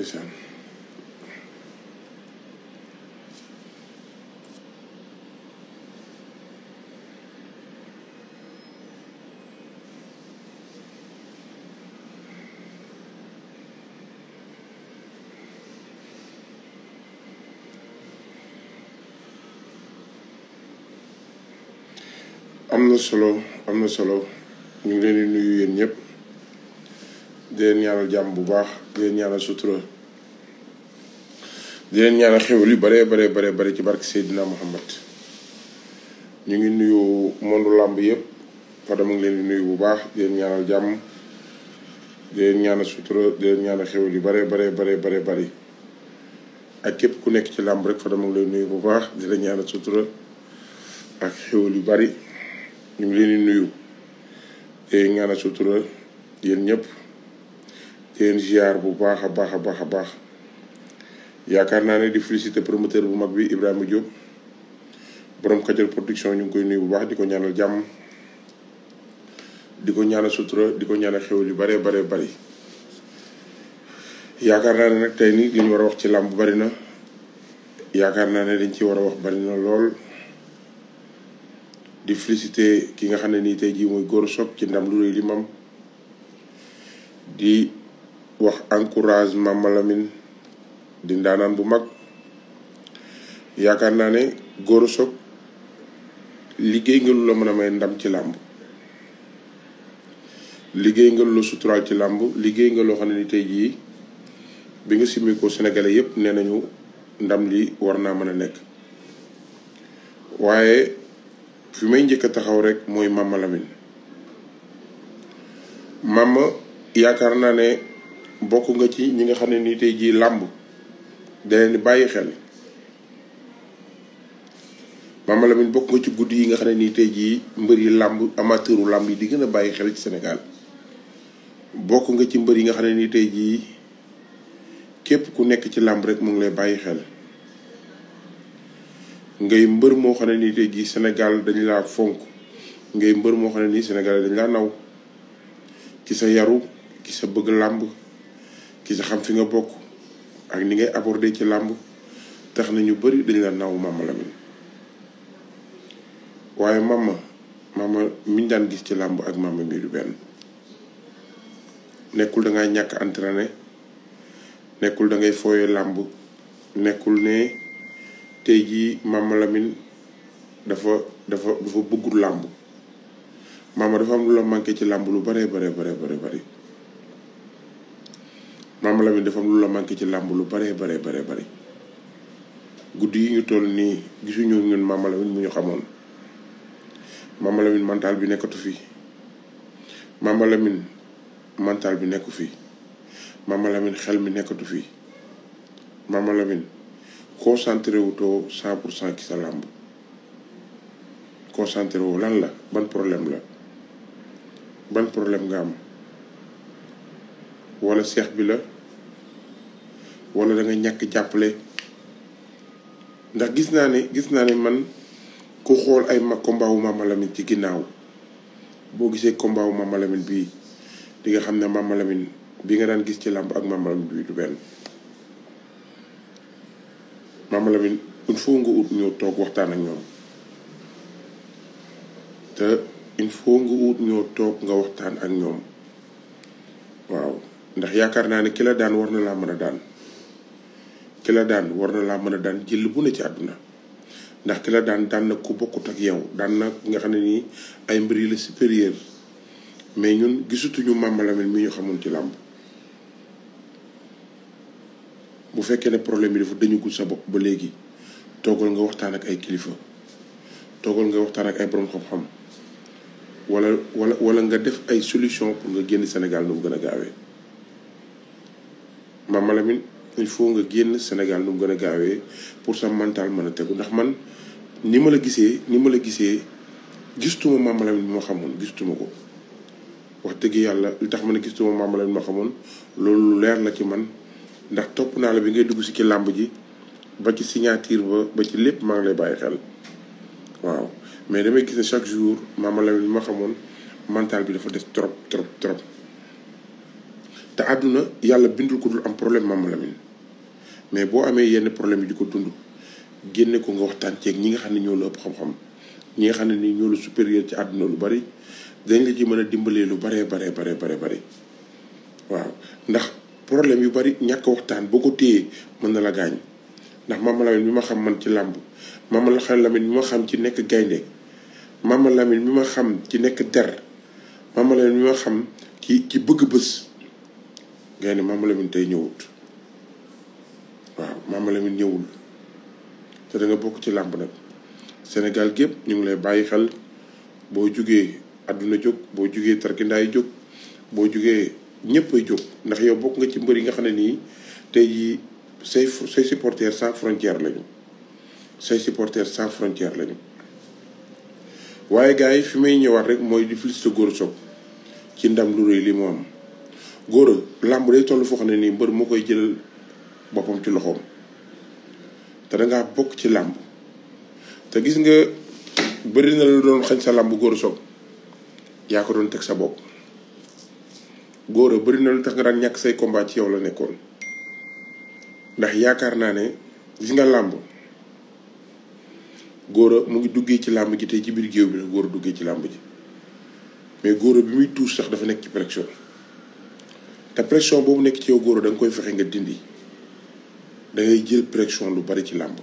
Listen. am not solo i am not solo ñu ngi leen di nuyu yéen di leen ñaanal jàmm bu baax di leen ñaanal sutura di leen ñaanal xéwal yu bare bare bare ci barke Seydina Muhammad ñu ngi nuyu monde làmb yëpp Fada mu ngi leen nuyu bu baax di leen jàmm di leen ñaanal sutura di leen yu bare bare bare bare bari ak képp ku nekk ci làmb rek Fada mu ngi leen nuyu bu baax di leen ñaanal sutura ak xéwal yu bari ñu ngi leen nuyu di leen ñaanal sutura yéen ñëpp. ken ziar bu baakha baakha baakha a baax yaakaar naa ne di féliciter promoteur bu mag bi Ibrahima Diop borom Kajoor production ñu ngi koy nuyu bu baax di ko ñaanal jàmm di ko ñaanal sutura di ko ñaanal xew yu bare bare bari yaakaar naa ne nag tey nii di ñu war a wax ci làmb bari na yaakaar naa ne dañ ci war a wax bari na lool di féliciter ki nga xam ne nii tey jii mooy góor ci ndam lu réy li mam di wax encourage Mama Lamine di bu mag yaakaar naa ne Gora Sock liggéey nga lu la mën a may ndam ci làmb liggéey nga lu la suturaal ci làmb liggéey nga loo xam ne ni tey jii bi nga simmi ko Sénégalais yëpp nee nañu ndam li war naa mën a nekk waaye fi may njëkk a taxaw rek mooy Mama Lamine Mama yaakaar naa ne bokk nga ci ñi nga xam ne nii tey jii làmb daneen di bàyyi xel Mama bokk nga ci guddi yi nga xam ne nii tey jii mbër yi làmb amateuru làmb yi di gën a bàyyi xel ci Sénégal bokk nga ci mbër yi nga xam ne nii tey jii képp ku nekk ci làmb rek mu ngi lay bàyyi xel ngay mbër moo xam ne nii tey jii senegal dañu laa fonk ngay mbër moo xam ne nii senegal dañu laa naw ci sa yaru ci sa bëgg làmb ki sa xam fi nga bokk ak ni ngay abordé ci lamb tax na ñu bari dañ la naw mama min waaye mama mama miñ daan gis ci lamb ak mama mi du benn nekkul da ngay ñàkk entraîné nekkul da ngay fooye lamb nekkul ne tey jii mama min dafa dafa dafa bëggul lamb mama dafa am lu la manqué ci lamb lu bare bare bare bare bare Mama la dafa am lu la manqué ci làmb lu bare bare bare bare guddi ñu toll nii gisuñu ñun Mama Lamine mu ñu xamoon Mama Lamine mental bi nekkatu fi Mama Lamine mental bi nekku fi Mama min xel mi nekkatu fi Mama Lamine concentré wutoo cent pour ci sa làmb concentré wu lan la ban problème la ban problème nga am wala cheikh bi la wala da nga ñàkk jàppale ndax gis naa ne gis naa ne man ku xool ay ma combat wu ci ginnaaw boo gisee combat wu Mama Lamine bii di nga xam ne Mama Lamine bi nga daan gis ci làmb ak Mama Lamine bii du benn Mama Lamine il faut nga ut ñëw toog waxtaan ak ñoom te il faut nga ut ñoo toog nga waxtaan ak ñoom waaw ndax yaakaar naa ne ki la daan war na laa mën a daan ki la daan war na laa mën a daan jël bu ne ci àdduna ndax ki la daan daan na ku bokkut ak yow daan na nga xam ne nii ay mbir la supérieur mais ñun gisutuñu Mama Lamine mi ñu xamoon ci làmb bu fekkee ne problème bi dafa dañugul sa bopp ba léegi toogal nga waxtaan ak ay kilifa toogal nga waxtaan ak ay borom xam-xam wala walla wala nga def ay solution pour nga génn senegal nu gën a gaawee Mama il faut nga génn Sénégal nu gën a gaawee pour sa mental mën a tegu ndax man ni ma la gisee ni ma la gisee gistuma Mama Lamine ma xamoon gistuma ko wax dëgg yàlla li tax ma ne gistuma Mama Lamine ma xamoon loolu leer la ci man ndax topp naa la bi ngay dugg si ci làmb ji ba ci signature ba ba ci lépp maa ngi lay bàyyi xel waaw mais damay gis ne jour Mama Lamine ma xamoon mantal bi dafa des trop trop trop te àdduna yàlla bindul ko dul am problème Mama mais bo amé yenn problème diko di dund génné ko nga waxtan ci ñi nga xamné ñoo la xam-xam ñi nga xamné ni ñoo lu supérieur ci aduna lu bari dañ la ci mëna dimbalé lu bari bari bari bari bari waaw ndax problème yu bari ñak waxtan bu ko téyee mën na la gañ ndax mama lamine bima xam man ci làmb mama lamine bima xam ci nek gaynde mama lamine bima xam ci nek der mama lamine bima xam ci ci bëgg bëss gaynde mama lamine tay ñëwut Mama Lamine ñëwul te da nga bokk ci làmb nag Sénégal gépp ñu ngi lay bàyyi xel boo jugee àdduna jóg boo jógee tarkindaay jóg boo jugee ñëpp ay jóg ndax yow bokk nga ci mbër yi nga xam ne nii tey jii say say supporters sans frontière lañu say supporters sans frontière lañu waaye gars yi fi may ñëwaat rek mooy di féliciter góor Sock ci ndam lu rëy li mu am Gora làmb day toll foo xam ne nii mbër moo koy jël boppam ci loxoom te da bokk ci làmb te gis nga bëri na la doon xañ sa làmb góor soog yaa ko doon teg sa bopp góor a bëri na lu tax nga daan ñàkk say combat ci yow la nekkoon ndax yaakaar naa ne gis nga làmb góor a mu ngi duggee ci làmb ji tey ci biir géew bi la góor a duggee ci làmb ji mais góor a bi muy tuus sax dafa nekk ci pression te pression boobu nekk ci yow góor a da koy fexe nga dindi. dangay jël pression lu bari ci làmb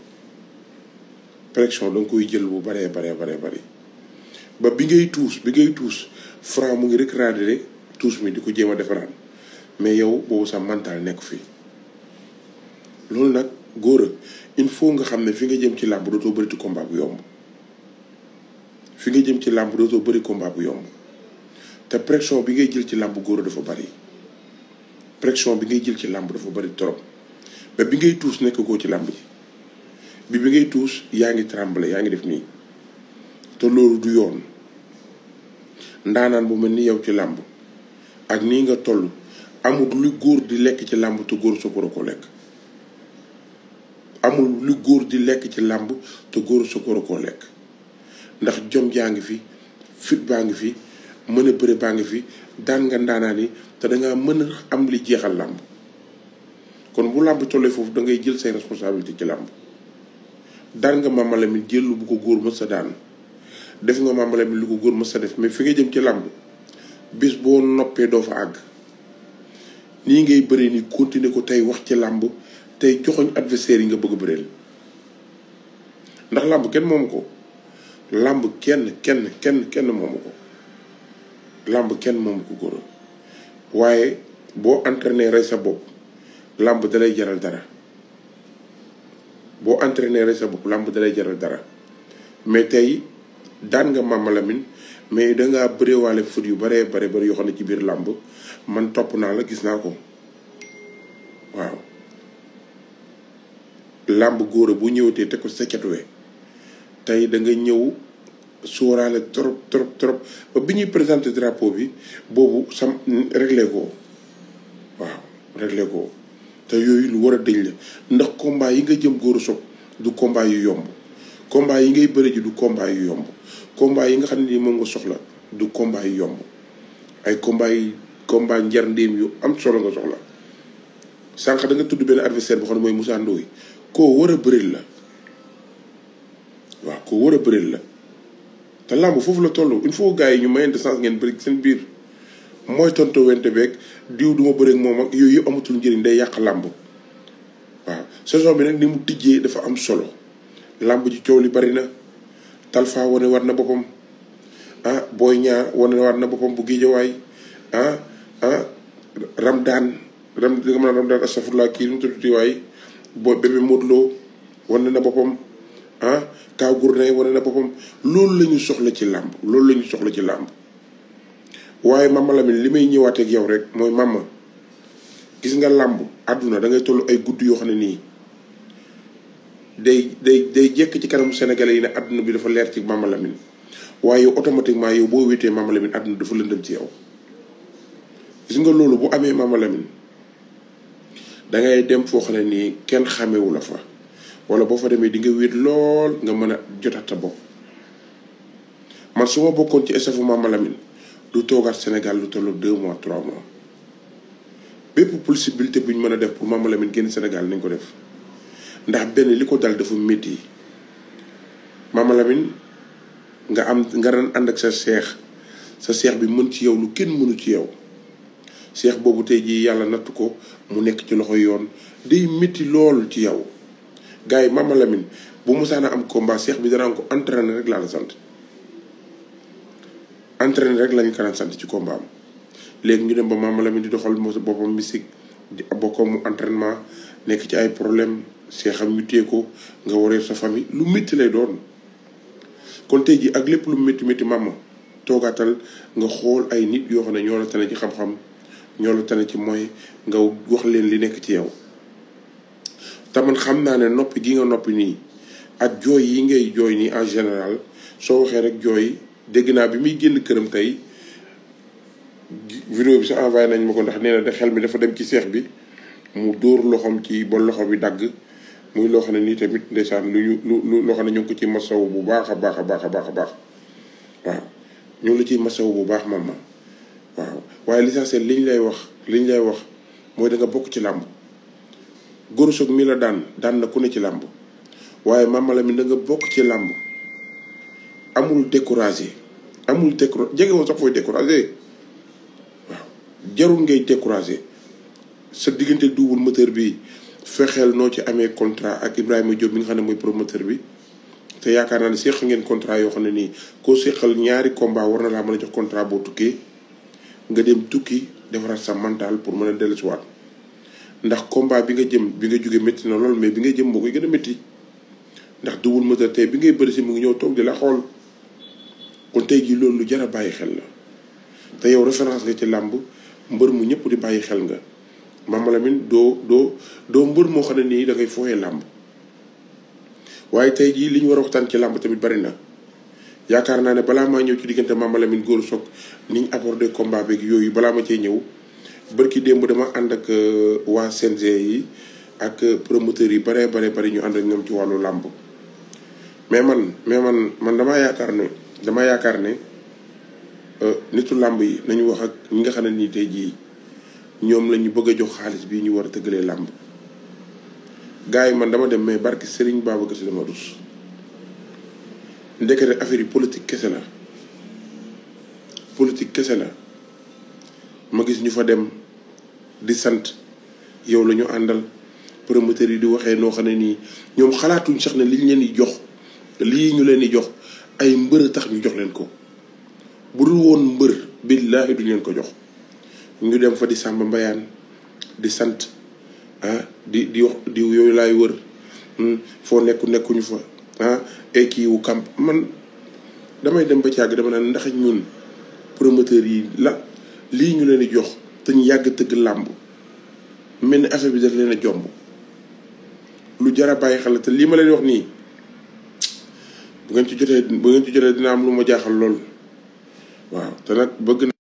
pression danga koy jël bu baree baree baree bari ba bi ngay tuus bi ngay tuus Franc mu ngi rek raadire tuus mi di ko jéem a defaraan mais yow boobu sa mental nekku fii loolu nag góor a il faut nga xam ne fi nga jëm ci làmb dootoo bëri ci combat bu yomb nga jëm ci làmb dootoo bëri combat bu te pression bi ngay jël ci làmb góor dafa bari pression bi ngay jël ci làmb dafa bari trop mais bi ngay tuus nekk koo ci làmb ji bi bi ngay tuus yaa ngi tremble yaa ngi def nii te loolu du yoon ndaanaan bu mel ni yow ci làmb ak nii nga toll amul lu góor di lekk ci làmb te góor sokoro ko lekk amul lu góor di lekk ci làmb te góor sokoro koo lekk ndax jom jaa ngi fi fit baa ngi fi mën a bëre baa ngi fi daan nga ndaanaan yi te danga mën a am li jeexal làmb kon bu làmb tollee foofu da ngay jël say responsabilité ci làmb daan nga Mama Lamine jël lu bu ko góor mës sa daan def nga ma Lamine lu ko góor mës sa def mais fi nga jëm ci làmb bis boo noppee doo fa àgg nii ngay bëri ni continuer ko tey wax ci làmb tey joxoñ adversaire yi nga bëgg bëreel ndax làmb kenn moom ko làmb kenn kenn kenn kenn moomu ko làmb kenn moom ko góor waaye boo entraîné rey sa bopp làmb dalay jaral dara boo entraîné rek sa bopp làmb dalay jaral dara mais tey daan nga Mama Lamine mais dangaa bëreewaale fut yu baree bare bari yoo xam ne ci biir làmb man topp naa la gis naa ko waaw làmb góor bu ñëwatee te ko sa catuwee tey da ñëw sóoraale trop trop trop bi ñuy présenté drapeau bi boobu sam réglé ko waaw réglé ko te yooyu lu war a dëñ la ndax combat yi nga jëm góor a du combat yu yomb combat yi ngay bëri ji du combat yomb combat yi nga xam ne ni moom nga soxla du combat yu yomb ay combat yi combat njarndéem yu am solo nga soxla sànq da nga tudd benn adversaire boo xam ne mooy Moussa Ndoye koo war a bëril la waa koo war a bëril la te làmb foofu la toll il faut gars yi ñu mayante sens ngeen bëri seen biir mooy tonto wente beeg diw du ma moom ak yooyu yëpp amatul njëriñ day yàq làmb waaw saison bi nag ni mu tijjee dafa am solo làmb ci coow li bari na Talfa wane war na boppam ah Boy Niang wane war na boppam bu Géejawaay ah ah Ramdaan ram li nga mën a Ramdaan kii nu mu tuddati waay boo bébé Modou Lo wane na boppam ah Kaw Gourné wane na boppam loolu la ñu soxla ci làmb loolu lañu ñu soxla ci làmb waaye mama lamin li may ñëwaat ak yow rek mooy mama gis nga làmb àdduna da ngay toll ay gudd yoo xam ne nii day day day jekk ci kanamu sénégalais yi ne àdduna bi dafa leer ci mama lamin waaye yow automatiquement yow boo wéetee mama lamin àdduna dafa lëndëm ci yow gis nga loolu bu amee mama lamin da ngay dem foo xam ne nii kenn xamewu la fa wala boo fa demee di nga wéet lool nga mën a jotaat bopp man ci SFU mama lamin lu toogaat Sénégal lu tollu deux mois trois mois bépp possibilité bu ñu mën a def pour Mama Lamine senegal Sénégal nañ ko def ndax benn li ko dal dafa métti Mama Lamine nga am nga daan ànd ak sa seex sa seex bi mën ci yow lu kenn mënu ci yow seex boobu tey jii yàlla nattu ko mu nekk ci loxo yoon day métti lool ci yow gars yi Mama Lamine bu musaana am combat seex bi dana ko entraîné rek laa la sant. entraîné rek lañ kanam sant ci combat am léegi ñu dem ba la Lamine di doxal mo boppam mystique di bokkoo mu entrainement nekk ci ay problème seexam xam téye ko nga waree sa famille lu métti lay doon kon tey jii ak lépp lu métti métti mama toogaatal nga xool ay nit yoo xam ne ñoo la tane ci xam ci mooy nga wax leen li nekk ci yow te xam naa ne noppi gi nga noppi nii ak jooy yi ngay jooy nii en général soo waxee rek jooy dégg naa bi muy génn këram tay vidéo bi sa envoyé nañ ma ko ndax nee de xel mi dafa dem ci seex bi mu dóor loxoom ci ba loxo bi dagg muy loxo xam ne nii tamit ndeysaan lu ñu lu loo ne ñu ngi ko ci masaw bu baax a baax baax baax baax waaw ñu ngi la ciy masaw bu baax mama waaw waaye l'essentiel liñ lay wax liñ lay wax mooy danga bokk ci làmb Gora Sock mi la daan daan na ku ne ci làmb waaye mama la mi da bokk ci làmb amul découragé amul découragé jege woo sax fooy découragé waaw jarul ngay découragé sa diggante double moteur bi fexeel noo ci amee contrat ak Ibrahima Diop mi nga xam ne mooy promoteur bi te yaakaar naa ne seq ngeen contrat yoo xam ne nii koo seqal ñaari combat war na laa mën a jox contrat boo tukkee nga dem tukki defaraat sa mental pour mën a dellusiwaat ndax combat bi nga jëm bi nga jóge métti na lool mais bi nga jëm moo koy gën a métti ndax double moteur te bi ngay bëri si mu ngi ñëw toog di la xool. kon tay gi lolou lu jara baye xel la te yow reference nga ci lamb mbeur mu ñepp di baye xel nga Mama Lamine do do do mbër moo xam ne nii da ngay foye lamb waye tay gi liñ ñu war ci lamb tamit bari na yaakar na ne bala ma ñew ci digënté Mama Lamine góor sok, ni ñu abordé combat beeg yoyu bala ma ci ñew barki dembu dama and ak euh, wa CNG yi ak euh, promoteur yi bare bare bare ñu and ak ñom ci walu lamb mais man mais man man dama yaakar ne. dama yaakaar ne euh, nitu làmb yi nañu wax ak ñi nga xam ne nii tey jii ñoom la ñu bëgg a jox xaalis bii ñu war a tëggalee làmb gars yi man dama dem mais barki Serigne Babacar Sy dama dus ndekete affaire yi politique kese la politique kese na ma gis ñu fa dem di sant yow la ñu àndal promoteurs yi di waxee noo xam ne nii ñoom xalaatuñ sax ne liñ leen di jox lii ñu leen di jox ay mbeur tax ñu jox leen ko bu dul woon mbeur billahi du leen ko jox ñu dem fa di samba mbayaan di sant ah di di wax di yoy lay wër hmm, fo nekku ñu fa ah ay ki wu camp man damay dem ba ciag dama na ndax ñun promoteur yi la li ñu leen di jox te ñu yag teug lamb men affaire bi def leen a jomb lu jara baye xala te li ma leen wax ni bu ngeen ci jotee bu ngeen ci jotee dina am lu ma jaaxal lool waaw te nag bëgg